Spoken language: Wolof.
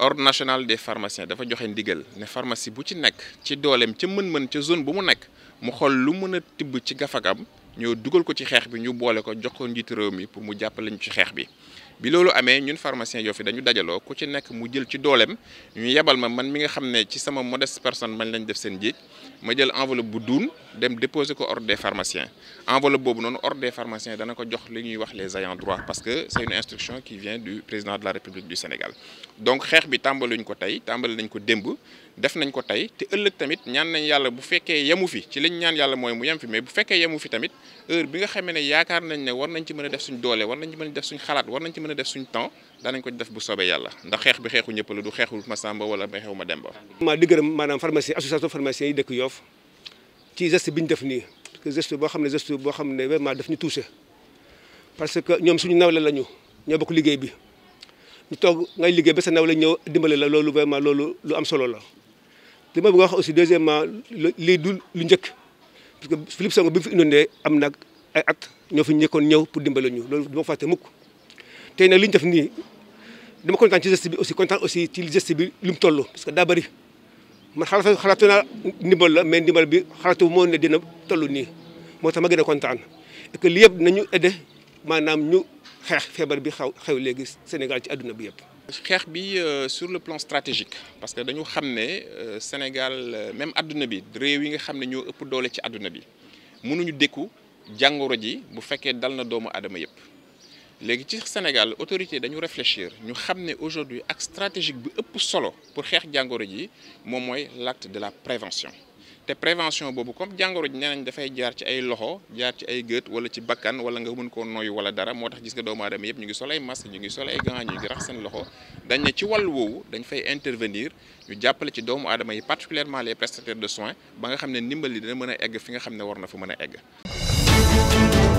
ordre national des pharmaciens dafa joxe ndigal ne pharmacie bu ci nek ci dooleem ci mën-mën ci zone bu mu nek mu xol lu mën tibb ci gafagam nous dugal ko ci xeex bi ñu boole ko jox ko pour mu jàppale ñu ci xeex bi bi loolu ñun pharmacien yoo fi dañu dajalo ku ci nek mu jël ci dooleem ñu yebal ma man mi nga xamné ci sama modeste personne man lañ def seen jiit ma jël enveloppe bu duun dem déposer ko ordre des pharmaciens enveloppe bobu non hors des pharmaciens dana ko jox li ñuy wax les ayants droit parce que c'est une instruction qui vient du président de la République du Sénégal donc xeex bi tàmbaluñ ko tay tambal nañ ko demb def nañ ko tay té ëlëk tamit ñaan nañ yalla bu féké yemu fi ci liñ ñaan yalla moy mu yam fi mais bu féké yemu fi tamit heure bi nga xamee ne yaakaar nañ ne war nañ ci mën a def suñ doole war nañ ci mën a def suñ xalaat war nañ ci mën a def suñ temps danañ ko def bu soobee yàlla ndax xeex bi xeexu ñëpp la du xeexu ma Samba wala ma xeexu ma Demba. ma di gërëm maanaam pharmacie association pharmacien yi dëkk bi ñu def nii parce boo xam ne geste boo xam ne vraiment daf ñu touché parce que ñoom suñu nawle lañu ñoo bokk liggéey bi ñu toog ngay liggéey be sa nawle ñëw dimbale la loolu vraiment loolu lu am solo la li ma bëgg wax aussi deuxièmement lii du lu njëkk parce que Philippe Senghor bi fi fi inondé am nag ay at ñoo fi ñëkkoon ñëw pour dimbale ñu loolu du ma fàtte mukk tey nag li ñu def nii dama kontaan ci geste bi aussi kontaan aussi ci geste bi li mu toll parce que daa bëri man xalaat xalaatu naa ndimbal la mais ndimbal bi xalaatu moo ne dina toll nii moo tax ma gën a kontaan et que li yëpp nañu aidé maanaam ñu xeex feebar bi xaw xew léegi Sénégal ci àdduna bi yëpp xeex bi euh, sur le plan stratégique parce que dañu xamné ne euh, Sénégal euh, même aduna bi réew yi nga xamné ñoo ëpp doole ci aduna bi mënuñu dékku jangoro ji bu féké dal na doomu adama yépp légui ci Sénégal autorité dañu réfléchir ñu xamné aujourd'hui ak stratégique bi ëpp solo pour xex jangoro ji mom moy l'acte de la prévention te prévention boobu comme jàngoro ji nee nañ dafay jaar ci ay loxo jaar ci ay gët wala ci bakkan wala nga mën ko noyyu wala dara moo tax gis nga doomu aadama yëpp ñu ngi sol ay masque ñu ngi sol ay gants ñu ngi rax seen loxo dañ ne ci wàllu woowu dañ fay intervenir ñu jàppale ci doomu aadama yi particulièrement les prestataires de soins ba nga xam ne ndimbal li da mën a egg fi nga xam ne war na fa mën a egg